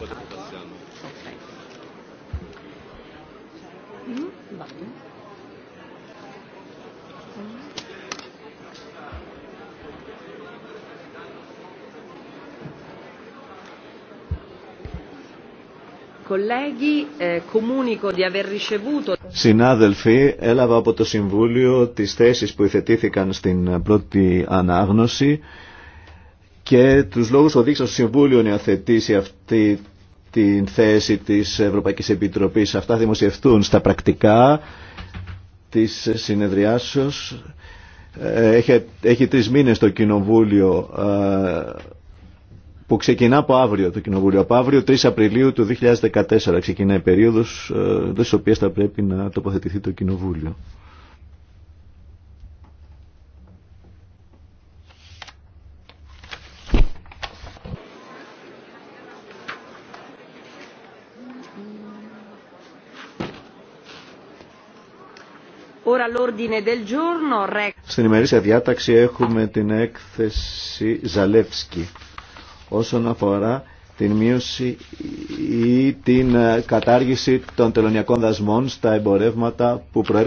Ε, Συνάδελφοι, έλαβα από το Συμβούλιο τις θέσεις που υθετήθηκαν στην πρώτη ανάγνωση και τους λόγους οδήγησα στο Συμβούλιο να θετήσει αυτή την θέση της Ευρωπαϊκής Επιτροπής. Αυτά δημοσιευτούν στα πρακτικά της συνεδριάσεως. Ε, έχει, έχει τρεις μήνες το Κοινοβούλιο ε, που ξεκινά από αύριο το Κοινοβούλιο. Από αύριο 3 Απριλίου του 2014 ξεκινάει περίοδος ε, της οποίας θα πρέπει να τοποθετηθεί το Κοινοβούλιο. Στην ημερήσια διάταξη έχουμε την έκθεση Ζαλεύσκη όσον αφορά την μείωση ή την κατάργηση των τελωνιακών δασμών στα εμπορεύματα που προέρχονται